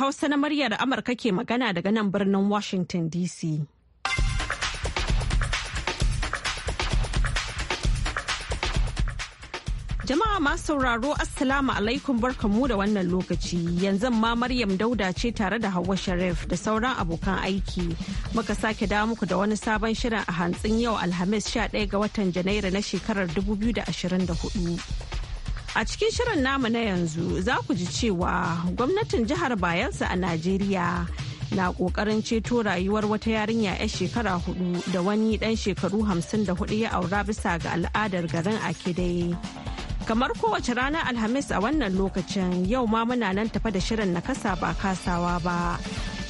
Hausa na muryar Amurka ke magana daga nan birnin Washington DC. Jama'a ma sauraro Assalamu alaikum barkamu da wannan lokaci yanzu ma Maryam Dauda ce tare da Hauwa Sharif da sauran abokan aiki muka sake dawo muku da wani sabon shirin a hantsin yau Alhamis 11 ga watan Janairu na shekarar 2024. A cikin shirin namu na yanzu za ku ji cewa gwamnatin jihar Bayelsa a Najeriya na kokarin ceto rayuwar wata yarinya 'yar shekara hudu da wani dan shekaru hamsin da hudu ya aura bisa ga al'adar garin akidai. Kamar kowace ranar Alhamis a wannan lokacin yau ma muna nan tafa da shirin na kasa ba kasawa ba.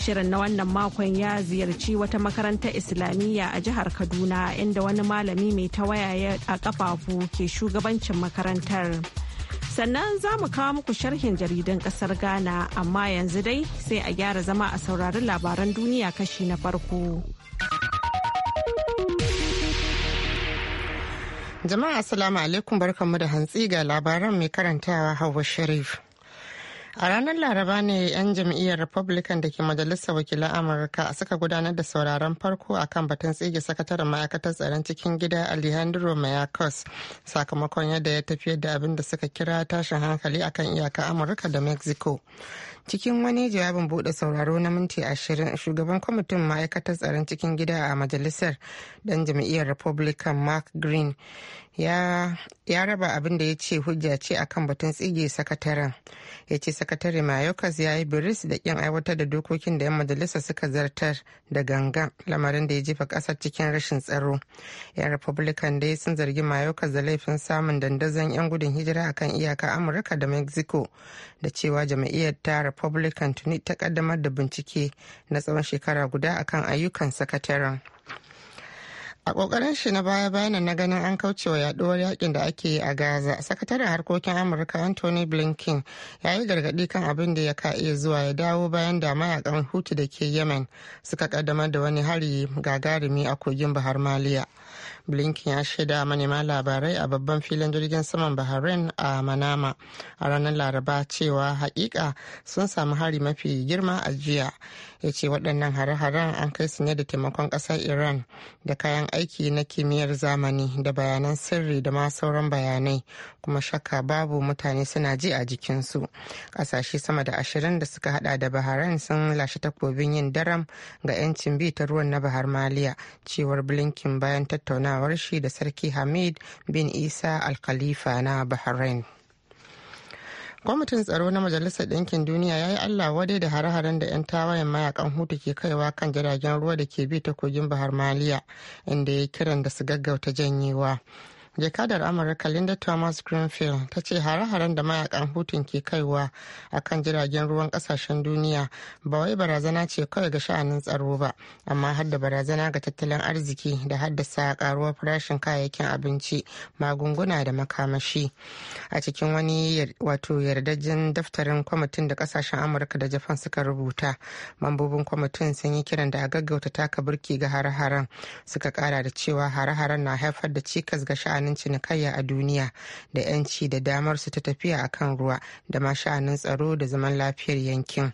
Shirin na wannan makon ya ziyarci wata makarantar Islamiyya a jihar Kaduna inda wani malami mai tawaya a kafafu ke shugabancin makarantar. sannan za mu kawo muku sharhin jaridan kasar ghana amma yanzu dai sai a gyara zama a saurari labaran duniya kashi na farko jama'a assalamu alaikum barkanmu da hantsi ga labaran mai karantawa Hauwa sharif A ranar Laraba ne 'yan jam'iyyar Republican da ke Majalisar Wakilan Amurka suka gudanar da sauraron farko a kan batun tsige sakataren ma'aikatar tsaron cikin gida Alejandro Mayorkas sakamakon yadda ya tafiyar da abin da suka kira tashin hankali akan iyaka Amurka da Mexico. Cikin wani jawabin bude sauraro na minti ashirin shugaban kwamitin ma'aikatar tsaron cikin gida a majalisar dan jam'iyyar Republican Mark Green ya raba abin da ya ce hujja ce akan batun tsige sakataren ya ce sakatare mayokas ya yi biris da kin aiwatar da dokokin da 'yan majalisa suka zartar da ganga lamarin da ya jefa kasar cikin rashin tsaro 'yan republican dai sun zargi mayokas da laifin samun dandazon 'yan gudun hijira akan iyaka amurka da mexico da cewa jam'iyyar ta republican tuni ta kaddamar da bincike na tsawon shekara guda akan ayyukan sakataren. a kokarin shi na baya bayan na ganin an kaucewa yaduwar yakin da ake yi a gaza sakataren harkokin amurka anthony blinken ya yi gargadi kan abin da ya ka iya zuwa ya dawo bayan da mayakan hutu da ke yemen suka kaddamar da wani hari gagarumi a kogin bahar maliya blinken ya shaida manema labarai a babban filin jirgin saman bahrain a manama a ranar laraba cewa hakika sun samu hari mafi girma a jiya ya ce waɗannan hare-haren an kai su ne da taimakon ƙasar iran da kayan aiki na kimiyyar zamani da bayanan sirri da ma sauran bayanai kuma shakka babu mutane suna ji a jikinsu ƙasashe sama da ashirin da suka hada da bahrain sun lashe takobin yin daram ga 'yancin bi ta ruwan na bahar maliya cewar bilinkin bayan tattaunawar shi da sarki hamid bin isa al na bahrain kwamitin tsaro na majalisar ɗinkin duniya ya yi allah wadai da hare-haren da 'yan tawayen mayakan hutu ke kaiwa kan jiragen ruwa da ke bi ta kogin bahar maliya inda ya kiran da su gaggauta janyewa jakadar amurka linda thomas greenfield ta ce hare-haren da mayakan hutun ke kaiwa a kan jiragen ruwan kasashen duniya ba wai barazana ce kawai ga sha'anin tsaro ba amma har da barazana ga tattalin arziki da haddasa karuwar farashin kayayyakin abinci magunguna da makamashi a cikin wani wato yardajin daftarin kwamitin da kasashen amurka da japan suka rubuta mambobin kwamitin sun yi kiran da a gaggauta taka birki ga hare-haren suka kara da cewa hare-haren na haifar da cikas ga sha'anin tsakanin cinikayya a duniya da 'yanci da damar su ta tafiya a kan ruwa da ma sha'anin tsaro da zaman lafiyar yankin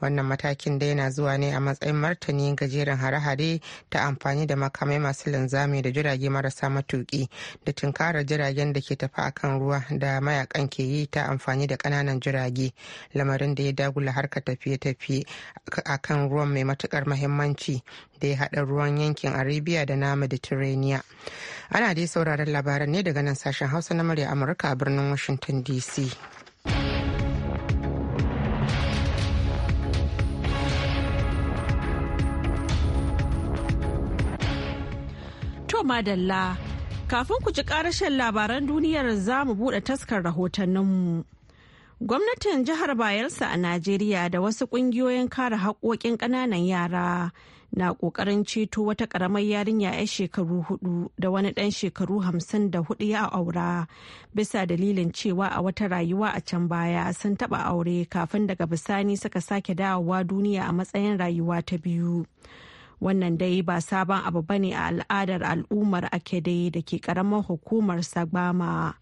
wannan matakin dai na zuwa ne a matsayin martani gajeren hare-hare ta amfani da makamai masu linzami da jirage marasa matuki da tunkarar jiragen da ke tafi akan ruwa da mayakan ke yi ta amfani da ƙananan jirage lamarin da ya dagula harkar tafiye-tafiye akan ruwan mai matukar mahimmanci da ya haɗa ruwan yankin arabia da na mediterranean ana dai sauraron labaran ne daga nan sashen hausa na murya amurka a birnin washington dc To madalla, kafin ku ji karashen labaran duniyar za mu buɗe taskar rahotanninmu. Gwamnatin jihar Bayelsa a Najeriya da wasu ƙungiyoyin kare haƙoƙin ƙananan yara na ƙoƙarin ceto wata ƙaramar yarinya ya shekaru hudu da wani ɗan shekaru hamsin da hudu ya aura bisa dalilin cewa a wata rayuwa a can baya sun taɓa aure kafin daga bisani suka sake dawowa duniya a matsayin rayuwa ta biyu. wannan dai ba sabon abu bane a al'adar al'ummar akede da ke karamar hukumar sagbama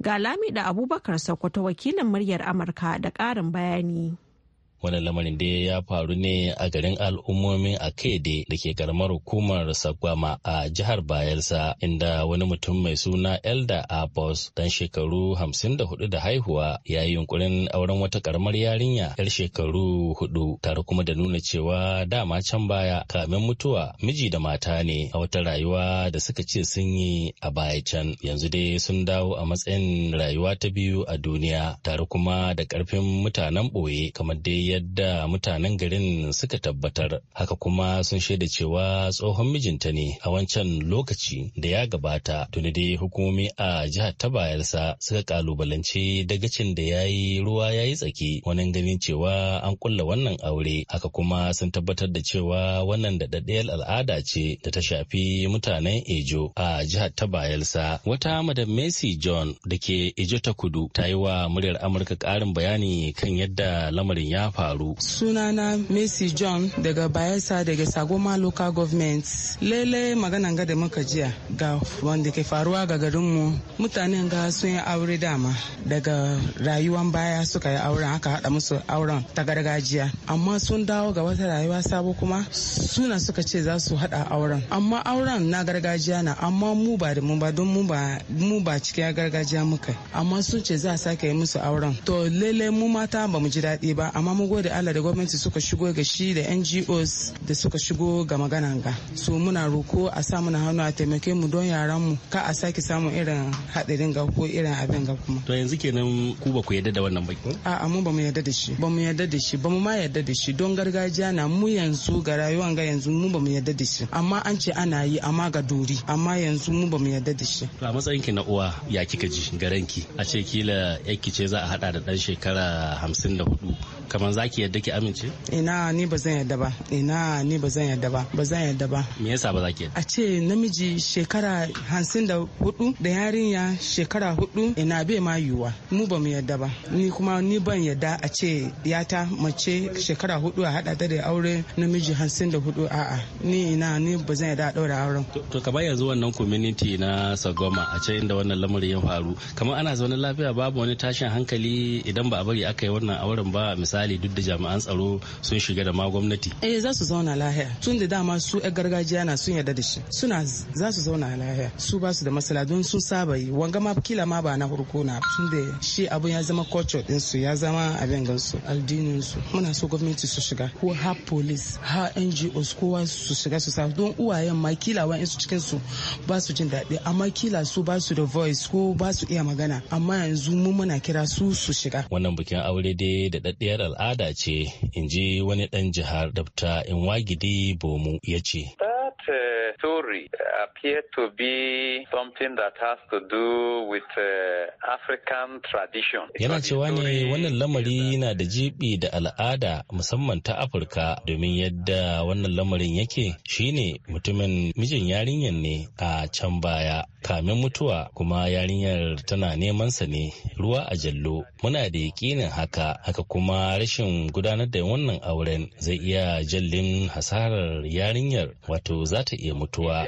ga lami da abubakar sokoto wakilin muryar amurka da ƙarin bayani Wani lamarin da ya faru ne a garin al'ummomin kaide da ke karamar hukumar Sagwama a jihar Bayelsa inda wani mutum mai suna Elda Abos dan shekaru 54 da haihuwa ya yi yunkurin auren wata karamar yarinya yar shekaru hudu tare kuma da nuna cewa dama can baya kamin mutuwa miji da mata ne a wata rayuwa da suka ce sun yi a baya can yanzu dai sun dawo a matsayin rayuwa ta biyu a duniya tare kuma da karfin mutanen ɓoye kamar dai yadda mutanen garin suka tabbatar haka kuma sun shaida cewa tsohon mijinta ne a wancan lokaci da ya gabata tuni dai hukumomi a jihar ta bayarsa suka kalubalance dagacin da ya yi ruwa ya yi tsaki wani ganin cewa an kulla wannan aure haka kuma sun tabbatar da cewa wannan da daɗaɗɗiyar al'ada ce da ta shafi mutanen ejo a jihar ta bayelsa wata madam macy john da ke ejo ta kudu ta yi wa muryar amurka ƙarin bayani kan yadda lamarin ya faru. Sunana Messi John daga Bayelsa daga Sagoma Local Government. Lele maganan ga da muka jiya ga wanda ke faruwa ga garinmu mutanen ga sun yi aure dama daga rayuwan baya suka yi auren aka haɗa musu auren ta gargajiya amma sun dawo ga wata rayuwa sabo kuma suna suka ce za su haɗa auren amma auren na gargajiya na amma mu ba da mu ba don mu ba cikin gargajiya muka amma sun ce za a sake yi musu auren to lele mu mata ba mu ji daɗi ba amma mu mun gode Allah da gwamnati suka shigo ga shi da NGOs da suka shigo ga magana ga so muna roko a sa muna hannu a taimake mu don yaran mu ka a sake samun irin hadirin ga ko irin abin ga kuma to yanzu kenan ku ba ku yarda da wannan baki a mu ba mu yarda da shi ba mu yarda da shi ba mu ma yarda da shi don gargajiya na mu yanzu ga rayuwar ga yanzu mu ba mu yarda da shi amma an ce ana yi amma ga dori amma yanzu mu ba mu yarda da shi to a matsayin ki na uwa ya kika ji garanki a ce kila yakki ce za a hada da dan shekara 54 kamar za ki yadda ki amince? Ina ni ba zan yadda ba. Ina ni ba zan yadda ba. Ba zan yadda ba. Me yasa ba za ki yadda? A ce namiji shekara hamsin da hudu da yarinya shekara hudu ina bai ma yiwuwa. Mu ba mu yadda ba. Ni kuma ni ban yadda a ce yata mace shekara hudu a hada ta da aure namiji hamsin da hudu a'a. Ni ina ni ba zan yadda a daura auren. To kamar yanzu wannan community na Sagoma a ce inda wannan lamarin ya faru. Kamar ana zaune lafiya babu wani tashin hankali idan ba a bari aka yi wannan auren ba misali duk da jami'an tsaro sun shiga da ma gwamnati eh za su zauna lahiya tun da dama su yan gargajiya na sun yarda da shi suna za su zauna lahiya su ba su da masala don sun saba yi wanga ma kila ma ba na hurko na tun da shi abun ya zama culture din su ya zama abin gansu aldinin su muna so gwamnati su shiga ko ha police ha NGOs kowa su shiga su sa don uwayen ma kila wa'in su cikin su ba su jin daɗi amma kila su ba su da voice ko ba su iya magana amma yanzu mu muna kira su su shiga wannan bikin aure dai da daddiyar al'ada al'ada ce in ji wani ɗan jihar dabta in wagidi bomu ya ce. uh, story appear to be something that has to do with uh, African tradition. Yana cewa ne wannan lamari na da jibi da al'ada musamman ta Afirka domin yadda wannan lamarin yake shine mutumin mijin yarinyar ne a can baya kamin mutuwa kuma yarinyar tana neman sa ne ruwa a jallo muna da yakinin haka haka kuma rashin gudanar da wannan auren zai iya jallin hasarar yarinyar wato za ta iya mutuwa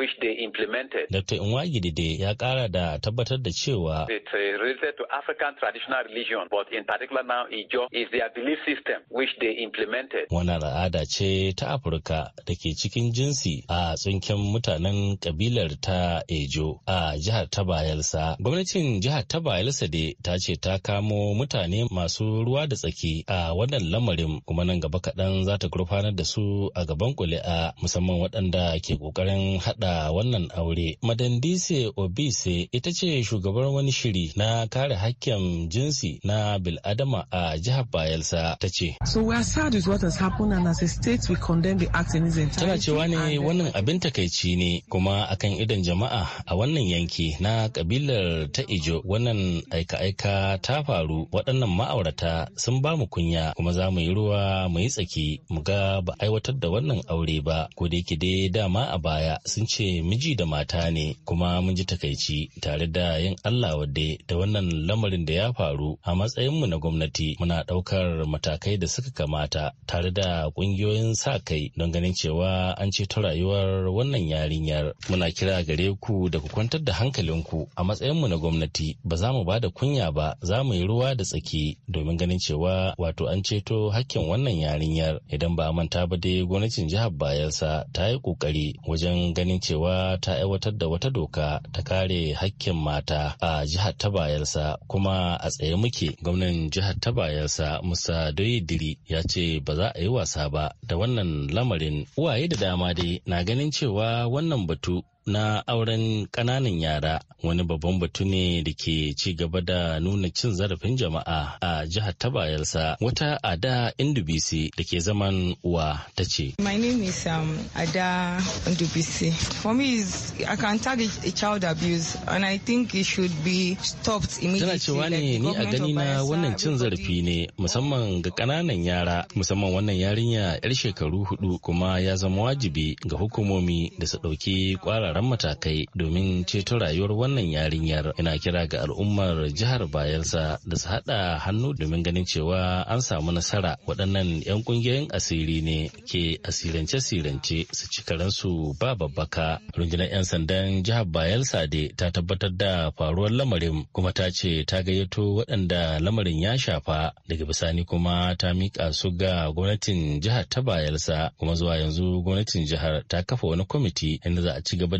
which they implemented. Dr. Nwagidide ya kara da tabbatar da cewa It's uh, related to African traditional religion but in particular now Ijo is their belief system which they implemented. Wani al'ada ce ta Afirka da ke cikin jinsi a tsinken mutanen kabilar ta Ejo a jihar ta Bayelsa. Gwamnatin jihar ta Bayelsa dai ta ce ta kamo mutane masu ruwa da tsaki a wannan lamarin kuma nan gaba kaɗan za ta gurfanar da su a gaban kuli'a musamman waɗanda ke ƙoƙarin haɗa da wannan aure. Madandise Obise ita ce shugabar wani shiri na kare hakkin jinsi na Biladama a jihar Bayelsa ta ce. So we are sad with what has happened and as a state we condemn the act in its entirety. Tana cewa ne uh, wannan abin takaici ne kuma akan idan jama'a a wannan yanki na kabilar ta Ijo wannan aika-aika ta faru waɗannan ma'aurata sun ba mu kunya kuma za mu yi ruwa mu yi tsaki mu ga ba aiwatar da wannan aure ba ko da yake dai dama a baya sun ce ce miji da mata ne kuma mun ji takaici tare da yin Allah wadde da wannan lamarin da ya faru a matsayinmu na gwamnati muna ɗaukar matakai da suka kamata tare da ƙungiyoyin sa kai don ganin cewa an ceto rayuwar wannan yarinyar muna kira gare ku da ku kwantar da hankalinku a matsayinmu na gwamnati ba za mu ba da kunya ba za mu yi ruwa da tsaki domin ganin cewa wato an ceto hakkin wannan yarinyar idan ba manta ba dai gwamnatin jihar bayelsa ta yi ƙoƙari wajen ganin cewa ta aiwatar da wata doka ta kare hakkin mata a jihar ta bayelsa kuma a tsaye muke gwamnan jihar ta bayelsa musa diri ya ce ba za a yi wasa ba da wannan lamarin uwaye da dama dai na ganin cewa wannan batu na auren ƙananan yara wani babban batu ne da ke ci gaba da nuna cin zarafin jama'a a jihar ta bayelsa wata ada indubisi da ke zaman uwa ta ce my name is um, ada indubisi for me is i can tag a child abuse and i think it should be stopped immediately tana cewa ne ni a gani na wannan cin zarafi ne musamman ga ƙananan yara musamman wannan yarinya yar shekaru hudu kuma ya zama wajibi ga hukumomi da su ɗauki kwara wuraren matakai domin ceto rayuwar wannan yarinyar ina kira ga al'ummar jihar bayelsa da su haɗa hannu domin ganin cewa an samu nasara waɗannan 'yan ƙungiyoyin asiri ne ke asirance-sirance su cikaransu ba babbaka rundunar 'yan sandan jihar bayelsa de ta tabbatar da faruwar lamarin kuma ta ce ta gayyato waɗanda lamarin ya shafa daga bisani kuma ta miƙa su ga gwamnatin jihar ta bayelsa kuma zuwa yanzu gwamnatin jihar ta kafa wani kwamiti inda za a ci gaba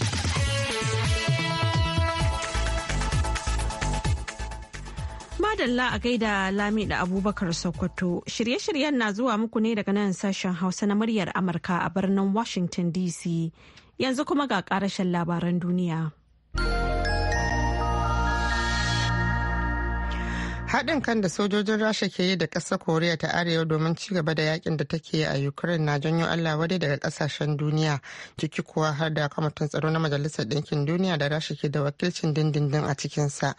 Madalla a gaida Lami da Abubakar Sokoto. Shirye-shiryen na zuwa muku ne daga nan sashen Hausa na muryar Amurka a birnin Washington DC. Yanzu kuma ga karashen labaran duniya. haɗin kan da sojojin rasha ke yi da ƙasar koriya ta arewa domin ci gaba da yakin da take a ukraine na janyo allah wadai daga ƙasashen duniya ciki kuwa har da kwamitin tsaro na majalisar ɗinkin duniya da rasha ke da wakilcin dindindin a cikinsa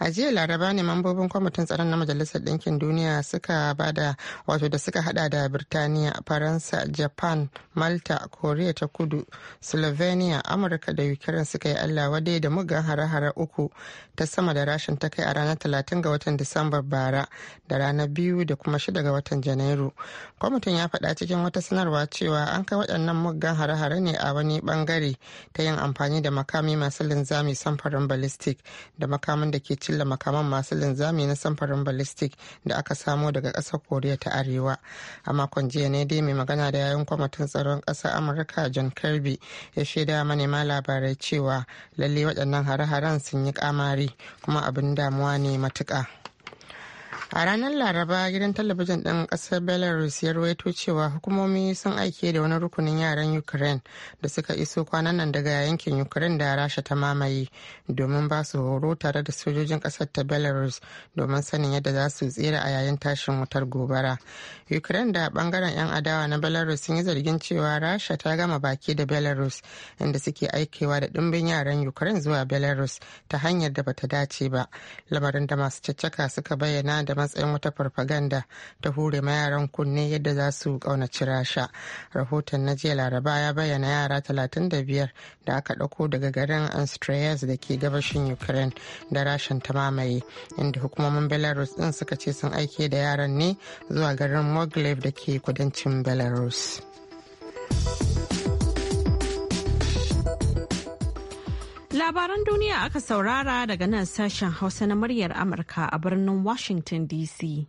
a jiya laraba ne mambobin kwamitin tsaro na majalisar ɗinkin duniya suka bada wato da suka haɗa da birtaniya faransa japan malta koriya ta kudu slovenia amurka da ukraine suka yi allah wadai da mugan hare-hare uku ta sama da rashin ta kai a ranar talatin ga watan disambar bara da ranar biyu da kuma shida ga watan janairu kwamitin ya faɗa cikin wata sanarwa cewa an kai waɗannan muggan hare-hare ne a wani bangare ta yin amfani da makami masu linzami samfarin ballistic da makamin da ke cilla makaman masu linzami na samfarin ballistic da aka samo daga ƙasar koriya ta arewa a makon jiya ne dai mai magana da yayin kwamitin tsaron ƙasar amurka john kirby ya shaida manema labarai cewa lalle waɗannan hare-haren sun yi kamari kuma abin damuwa ne matuƙa. a ranar laraba gidan talabijin ɗin ƙasar belarus ya rawaito cewa hukumomi sun aike da wani rukunin yaran ukraine da suka iso kwanan nan daga yankin ukraine da rasha ta mamaye domin ba su horo tare da sojojin ƙasar ta belarus domin sanin yadda za su tsira a yayin tashin wutar gobara ukraine da bangaren 'yan adawa na belarus sun yi zargin cewa rasha ta gama baki da belarus inda suke aikewa da ɗimbin yaran ukraine zuwa belarus ta hanyar da bata dace ba lamarin da masu caccaka suka bayyana da matsayin wata farfaganda ta hure ma yaran kunne yadda za su kaunaci rasha rahoton na jiya laraba ya bayyana yara 35 da aka dauko daga garin anstrayas da ke gabashin ukraine da rashin ta mamaye inda hukumomin belarus din suka ce sun aike da yaran ne zuwa garin moglev da ke kudancin belarus Labaran duniya aka saurara daga nan sashen Hausa na muryar Amurka a birnin Washington DC.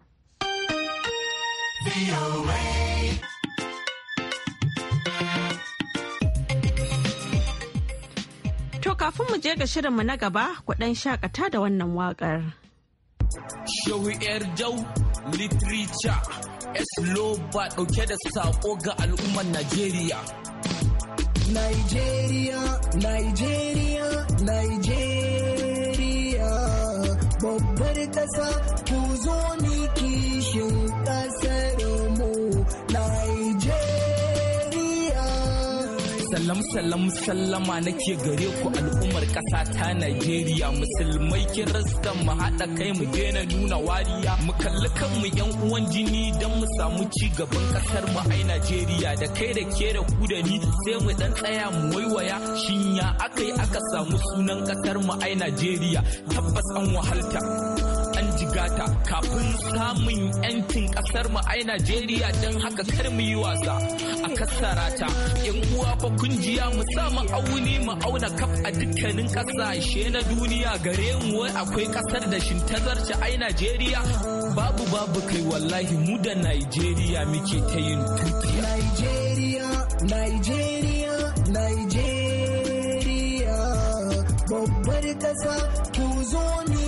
To kafin mu je ga shirinmu na gaba ku ɗan shakata da wannan waƙar. Shehu Jau ɗauke da saƙo ga al'ummar Najeriya. Nigeria, Nigeria, Nigeria, babbar ƙasa ku zo salam salam sallama nake gare ku al'ummar ƙasa ta Najeriya musulmai rasta mu haɗa kai mu daina nuna wariya mu kalli kan mu yan uwan jini don mu samu ci gaban ƙasar mu ai Najeriya da kai da ke da ku da ni sai mu dan tsaya mu waiwaya shinya akai aka samu sunan ƙasar mu ai Najeriya tabbas an wahalta gata kafin samun yancin kasar mu ai Najeriya don haka kar mu yi wasa a kasara ta yan uwa fa kungiya mu sa mu auni mu auna kaf a dukkanin kasashe na duniya gare mu wai akwai kasar da shintazarci ai Najeriya babu babu kai wallahi mu da Najeriya muke ta yin tuki Najeriya Najeriya Najeriya babbar kasa ku zo ni.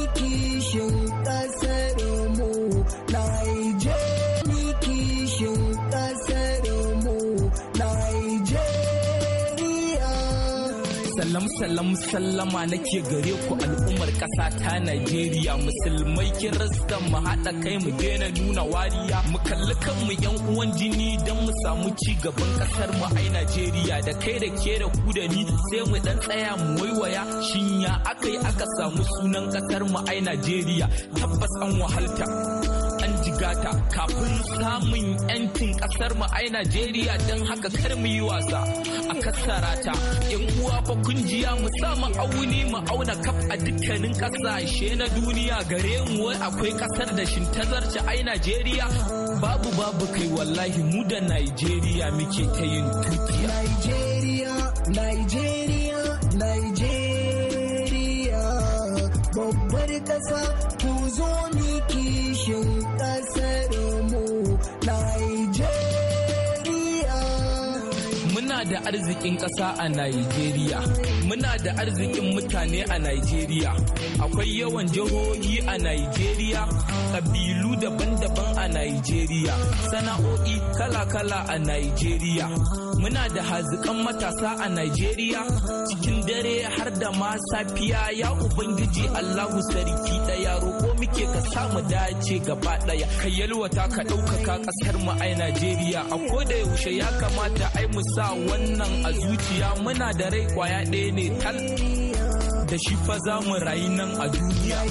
salam sallama nake gare ku al'ummar ƙasa ta Najeriya musulmai rasta mu haɗa kai mu daina nuna wariya mu kalli kan mu yan uwan jini don mu samu ci gaban ƙasar mu ai Najeriya da kai da ke da ku da ni sai mu dan tsaya mu waiwaya shinya akai aka samu sunan ƙasar mu ai Najeriya tabbas an wahalta bugata kafin samun yancin kasar mu ai Najeriya don haka kar mu yi wasa a kasarata ta yan uwa fa kunjiya mu sa mu auni mu auna kaf a dukkanin kasashe na duniya gare mu wai akwai kasar da shintazarci ai Najeriya babu babu kai wallahi mu da Najeriya muke ta yin tukiya Najeriya Najeriya Najeriya babbar kasa ku zo ki arzikin ƙasa a Najeriya. Muna da arzikin mutane a Najeriya. Akwai yawan jihohi a Najeriya, ƙabilu daban-daban a Najeriya, sana'o'i kala-kala a Najeriya. muna da hazikan matasa a Najeriya cikin dare har da ma safiya ya ubangiji Allahu sarki daya roƙo muke ka samu dace gaba daya ka yalwata ka ɗaukaka ƙasar mu a Najeriya a koda yaushe ya kamata ai mu sa wannan a zuciya muna da rai kwaya ɗaya ne tal da shi fa za mu rayu nan a duniya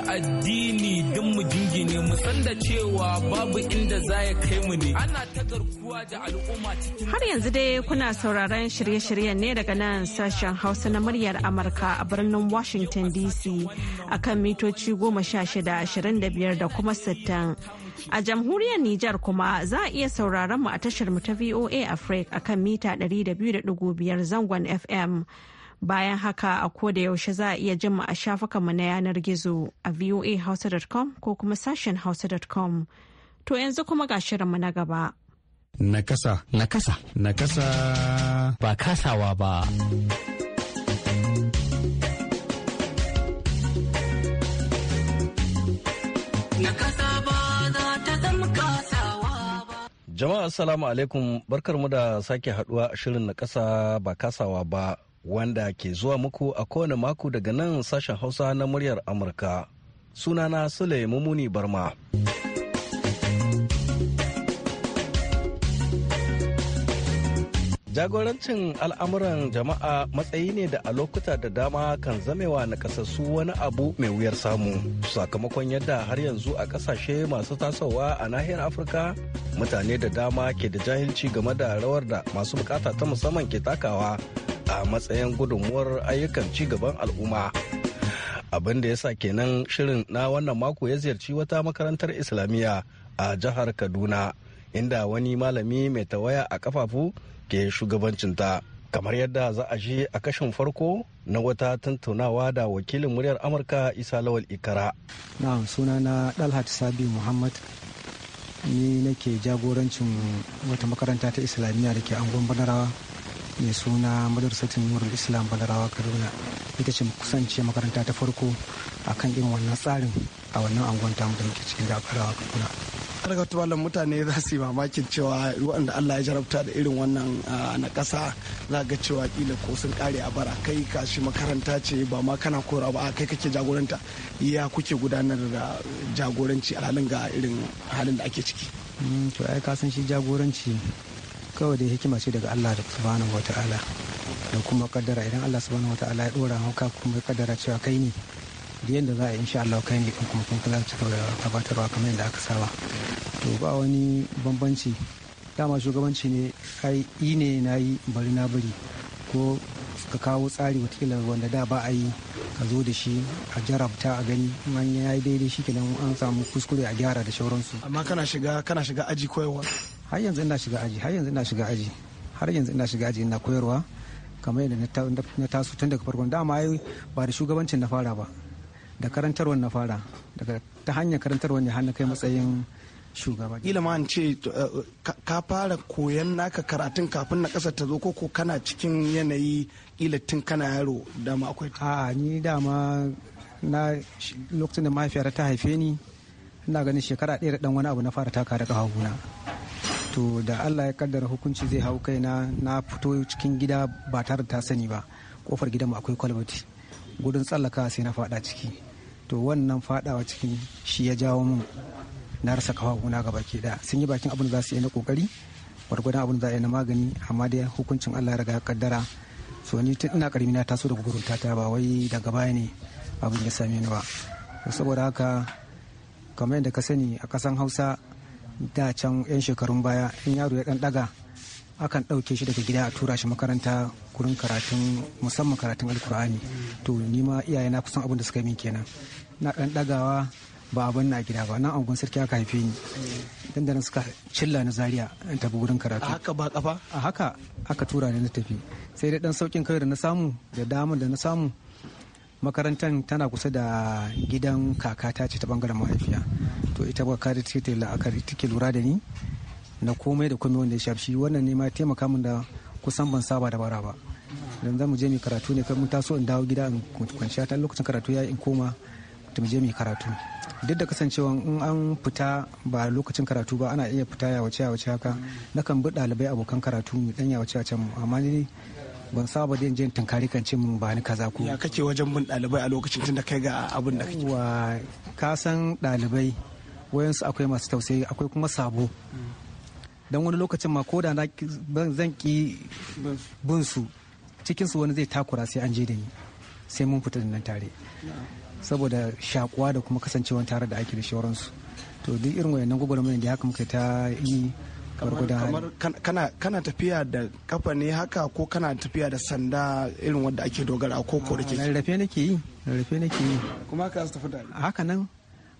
da addini don mu jingine mu san da cewa babu inda za ya kai mu ne ana ta garkuwa da al'umma cikin har yanzu dai kuna sauraron shirye-shiryen ne daga nan sashen hausa na muryar amurka a birnin washington dc akan mitoci goma sha shida ashirin da biyar da kuma sittin a jamhuriyar nijar kuma za a iya sauraron mu a tashar mu ta voa africa akan mita biyar zangon fm Bayan haka a koda yaushe za a iya jin mu a shafukanmu na yanar gizo a voahausa.com ko kuma sashen hausa.com. To yanzu kuma ga shirinmu na gaba. Nakasa. Nakasa. Nakasa. Ba kasawa ba. Jama'a Assalamu alaikum barkarmu da sake haduwa a shirin na kasa ba kasawa ba wanda ke zuwa muku a kowane mako daga nan sashen Hausa na muryar Amurka. Sunana Sule Mumuni Barma. Jagorancin al'amuran jama'a matsayi ne da a lokuta da dama kan zamewa na kasassu wani abu mai wuyar samu. Sakamakon yadda har yanzu a kasashe masu tasowa a nahiyar Afirka mutane da dama ke da jahilci game da rawar da masu bukata ta musamman ke takawa a matsayin gudunmuwar ayyukan ci gaban al'umma abin da ya sa kenan shirin na wannan mako ya ziyarci wata makarantar islamiyya a jihar kaduna inda wani malami mai tawaya a kafafu ke shugabancinta kamar yadda za a je a kashin farko na wata tattaunawa da wakilin muryar amurka isa lawal ikara na suna na dalhat sabi muhammad ni nake jagorancin wata makaranta ta islamiyya da ke angon banarawa mai suna madarsatin nurul islam balarawa kaduna ita ce kusance makaranta ta farko a kan irin wannan tsarin a wannan anguwan tamu da muke cikin gabarawa kaduna har ga tubalan mutane za su yi mamakin cewa wanda allah ya jarabta da irin wannan na ƙasa za ga cewa kila ko sun kare a bara kai kashi makaranta ce ba ma kana kora ba kai kake jagoranta ya kuke gudanar da jagoranci a halin ga irin halin da ake ciki mm, to ai ka san shi jagoranci kawai da hikima ce daga Allah subhanahu wata'ala da kuma kaddara idan Allah subhanahu wata'ala ya dora maka kuma kaddara cewa kai ne da yadda za a insha Allah kai ne kuma kun kaza ci da gabatarwa kamar yadda aka saba to ba wani bambanci dama shugabanci ne kai yi ne na yi bari na bari ko ka kawo tsari watakila wanda da ba a yi ka zo da shi a jarabta a gani manya ya yi daidai shi kenan an samu kuskure a gyara da sauransu amma kana shiga kana shiga aji koyarwa har yanzu ina shiga aji har yanzu ina shiga aji har yanzu ina shiga aji ina koyarwa kamar yadda na taso tun daga farkon dama ai ba da shugabancin na fara ba da karantarwar na fara daga ta hanyar karantarwar ne hannu kai matsayin shugaba Ila ma ce eh, ka fara koyan naka karatun kafin na kasar ta zo ko ko kana cikin yanayi ila tun kana yaro dama akwai a ni dama na lokacin da mahaifiyar ta haife ni ina ganin shekara ɗaya da ɗan wani abu na fara taka da na. to da allah ya kaddara hukunci zai hau kai na fito cikin gida ba tare ta sani ba kofar gidan mu akwai kwalbati gudun tsallaka sai na fada ciki to wannan fadawa cikin shi ya jawo mun na rasa kafafuna ga ke da sun yi bakin abin da za su yi na kokari gwargwadon abin da za a yi na magani amma dai hukuncin allah ya riga ya kaddara so ni tun ina karimi na taso daga gurin tata ba wai daga baya ne abin ya same ni ba saboda haka kamar yadda ka sani a kasan hausa da can 'yan shekarun baya in yaro ya dan daga akan ɗauke shi daga gida a tura shi makaranta gurin karatun musamman karatun alkur'ani to ni ma iyaye na kusan abin da suka min kenan na ɗan ɗagawa ba abin na gida ba nan angon sarki aka haife ni dan da suka cilla na zaria in tafi gurin karatu a haka ba kafa a haka aka tura ni na tafi sai dai dan saukin kai da na samu da damar da na samu makarantar tana kusa da gidan kakata ce ta bangaren mahaifiya to ita ba kare ce ta la'akari take lura da ni na komai da komai wanda ya shafi wannan ne ma taimaka min da kusan ban saba da bara ba dan zamu mu je mu karatu ne kai mun taso in dawo gida in kwanciya ta lokacin karatu ya in koma mu je mu karatu duk da kasancewa in an fita ba lokacin karatu ba ana iya fita ya wace ya wace haka nakan bi dalibai abokan karatu mu dan ya wace a amma ni ban saba da yin tunkari kan ce mun ba ni kaza ko ya kace wajen bin dalibai a lokacin tunda kai ga abin da kake wa ka san dalibai wayansu akwai masu tausayi akwai kuma sabo don wani lokacin ma koda na zan ki bin su cikin su wani zai takura sai an je da ni sai mun fita da nan tare saboda shakuwa da kuma kasancewa tare da ake da shawararsu to duk irin wayannan gwagwarmayar da haka muka ta yi kamar kana kana tafiya da kafa ne haka ko kana tafiya da sanda irin wanda ake dogara ko ko da ah, ke rarrafe nake yi rarrafe nake yi kuma ka tafi da haka nan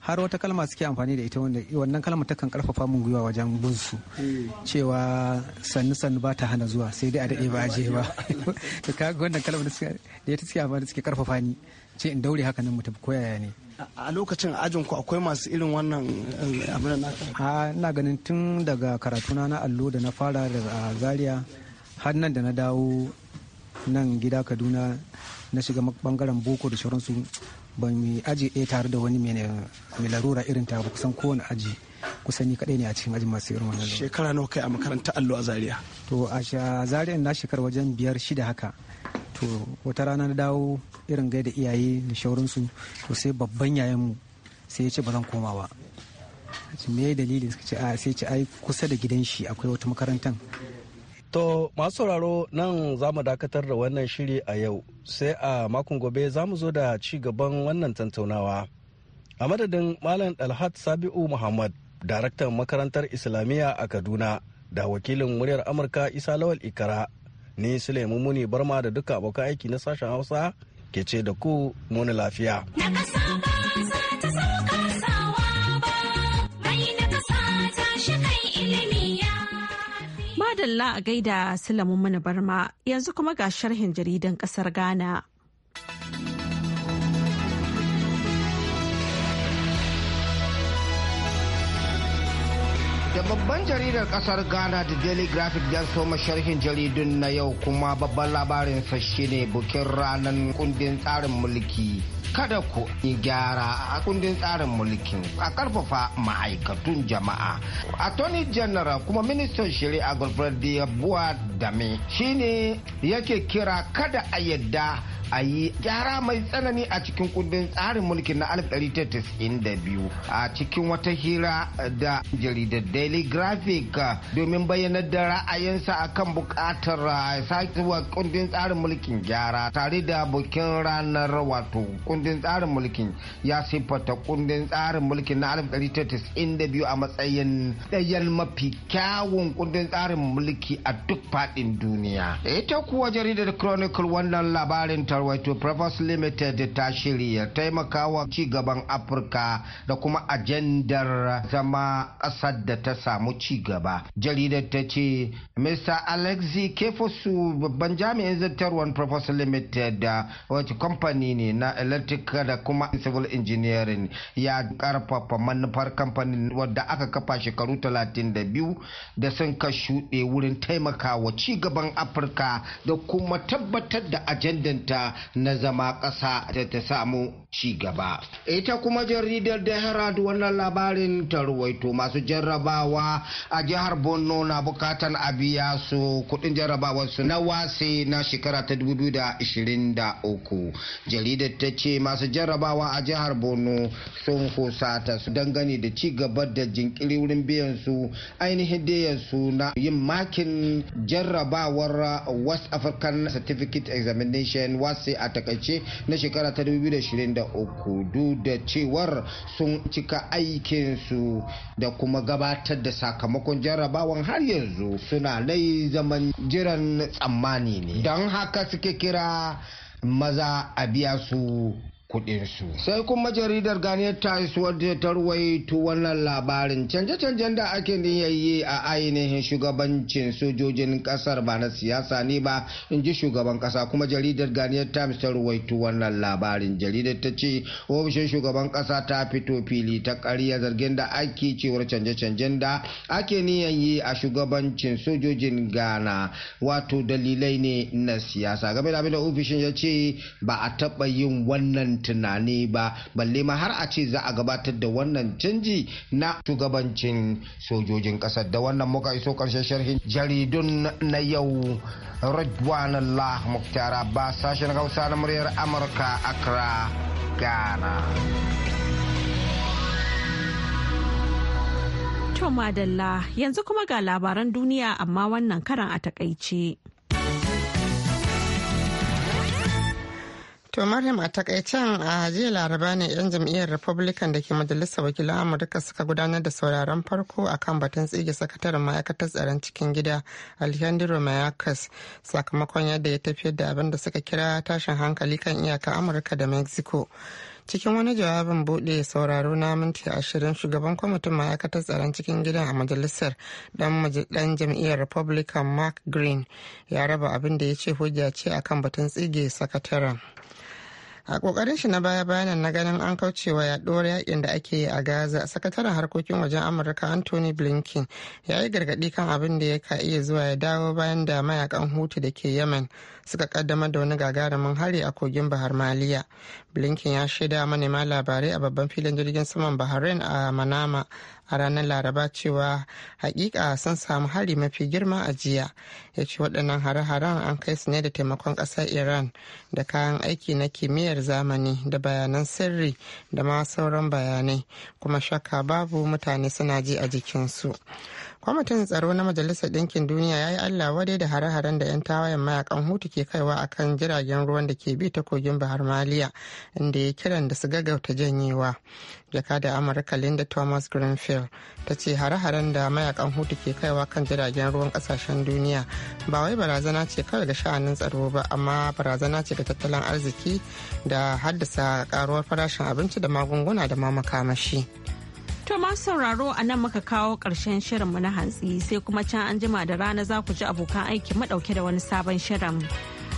har wata kalma suke amfani da ita wanda wannan ta takan karfafa mun gwiwa wajen bin su eh. cewa sannu sannu ba ta hana zuwa sai dai a daɗe ba a je ba to ka wannan kalma da ita suke amfani suke karfafa ni sai in daure haka nan mutum ko yaya ne a lokacin ajin ku akwai masu irin wannan eh, abin na a ina ganin tun daga karatuna na allo da na fara daga zaria har nan da na dawo nan gida kaduna na shiga bangaren boko da sauransu ban mai aji ɗaya tare da wani mai larura irin ta ba kusan kowane aji kusan ni kaɗai ne a cikin ajin masu irin wannan shekara nawa kai a makarantar allo a zaria to a zaria na shekar wajen biyar shida haka to wata rana na dawo irin gaida iyaye da shaurinsu to sai babban mu sai ya ce ba zan koma ba me dalili suka ce a sai ce ai kusa da gidan shi akwai wata makarantar To masu sauraro nan za mu dakatar da wannan shiri a yau sai a makon gobe za mu zo da ci gaban wannan tantaunawa. A madadin Malam Dalhat Sabi'u Muhammad, daraktan makarantar Islamiyya a Kaduna da wakilin muryar Amurka Isa Lawal Ikara ni Sulaimu Muni Barma da duka abokan aiki na sashen Hausa ke ce da ku muni lafiya. Madalla a gaida Sulaimu Muni Barma yanzu kuma ga sharhin jaridan kasar Ghana. da babban jaridar kasar ghana da daily graphic don soma sharhin jaridun na yau kuma babban labarinsa shine bukin ranar kundin tsarin mulki kada ku gyara a kundin tsarin mulkin a karfafa ma'aikatun jama'a attorney general kuma ministan shari'a gulfar da dame shine yake kira kada a yadda a yi gyara mai tsanani a cikin kundin tsarin mulkin na 1992 a cikin wata hira da jaridar daily graphic domin bayyana da ra'ayinsa kan bukatar sakewa kundin tsarin mulkin gyara tare da bukin ranar wato kundin tsarin mulkin ya siffata kundin tsarin mulkin na 1992 a matsayin ɗayan mafi kyawun kundin tsarin mulki a duk faɗin duniya ita kuwa jaridar chronicle wannan labarin ta wato Preface Limited ta shirya taimakawa cigaban Afirka da kuma ajandar zama ƙasar da ta samu cigaba. Jaridar ta ce, Mr. Alexi Kefosu babban jami'in zartarwar Preface Limited da wato kamfani ne na electrical da kuma civil engineering ya karfafa manufar kamfanin wadda aka kafa shekaru 32 da sun ka shuɗe wurin taimakawa ci gaban Afirka da kuma tabbatar da ajandanta na zama ƙasa da ta samu ci gaba. Ita kuma jaridar da Herald wannan labarin ta ruwaito masu jarrabawa a jihar Borno na bukatan a biya su kudin jarrabawar su na wase na shekara ta 2023. Jaridar ta ce masu jarrabawa a jihar Borno sun husata su dangane da ci gaba da jinkiri wurin biyan su ainihin da su na yin makin jarrabawar West African Certificate Examination wase a takaice na shekara ta 2023. uku duk da cewar sun cika aikinsu da kuma gabatar da sakamakon jarrabawan har yanzu suna nai zaman jiran tsammani ne don haka suke kira maza a biya su su Sai kuma jaridar Ghanaian Times wadda ta ruwaito wannan labarin canje-canjen da ake niyayye a ainihin shugabancin sojojin kasar ba na siyasa ne ba in ji shugaban ƙasa kuma jaridar Ghanaian Times ta ruwaito wannan labarin jaridar ta ce ofishin shugaban ƙasa ta fito fili ta ƙarya zargin da ake cewar canje-canjen da ake niyayye a shugabancin sojojin Ghana wato dalilai ne na siyasa game da abin da ofishin ya ce ba a taɓa yin wannan tunani ba balle ma har a ce za a gabatar da wannan canji na shugabancin sojojin kasar da wannan muka iso karshen sharhin jaridun na yau Radwan Allah Muktar Abbas sashen Hausa na muryar Amurka Accra Ghana. To madalla yanzu kuma ga labaran duniya amma wannan karan a takaice. To Maryam a takaicen a jiya laraba ne 'yan jam'iyyar Republican da ke majalisar wakilan Amurka suka gudanar da sauraron farko a kan batun tsige sakataren ma'aikatar tsaron cikin gida Alejandro Mayorkas sakamakon yadda ya tafiyar da abin da suka kira tashin hankali kan iyakar Amurka da Mexico. cikin wani jawabin buɗe sauraro na minti ashirin shugaban kwamitin ma'aikatar tsaron cikin gidan a majalisar dan jam'iyyar republican mark green ya raba abin da ya ce hujja ce akan batun tsige sakataren a kokarin shi na baya bayanan na ganin an kauce wa yaduwar yakin da ake yi a gaza sakataren harkokin wajen amurka anthony blinken ya yi gargadi kan abin da ya ka iya zuwa ya dawo bayan da mayakan hutu da ke yemen suka kaddamar da wani gagarumin hari a kogin bahar maliya blinken ya shaida manema labarai a babban filin jirgin saman bahrain a manama a ranar laraba cewa hakika sun samu hari mafi girma a jiya ya ce waɗannan hare-haren an kai su ne da taimakon ƙasar iran da kayan aiki na kimiyyar zamani da bayanan sirri da ma sauran bayanai kuma shakka babu mutane suna ji a jikinsu kwamitin tsaro na majalisar ɗinkin duniya ya yi allah wadai da hare-haren da 'yan tawayen mayakan hutu ke kaiwa a kan jiragen ruwan da ke bi ta kogin bahar maliya inda ya kiran da su gaggauta janyewa jaka da amurka linda thomas greenfield ta ce hare-haren da mayakan hutu ke kaiwa kan jiragen ruwan kasashen duniya ba wai barazana ce kawai ga sha'anin tsaro ba amma barazana ce ga tattalin arziki da haddasa karuwar farashin abinci da magunguna da ma makamashi. To masu sauraro a nan muka kawo ƙarshen shirinmu na hantsi sai kuma can an jima da rana za ku ji abokan aiki madauke da wani sabon shirin.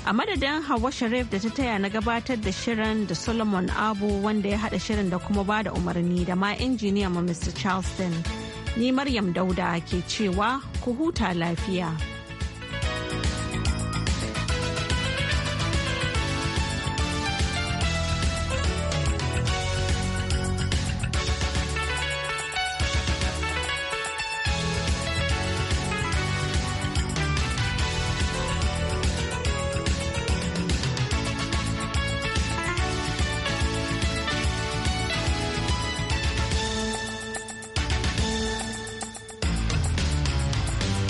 A madadin hauwa Sharif da ta taya na gabatar da shirin da Solomon Abu wanda ya haɗa shirin da kuma ba da umarni da ma injiniya ma Mr. Charleston. Ni Maryam Dauda ke cewa ku huta lafiya.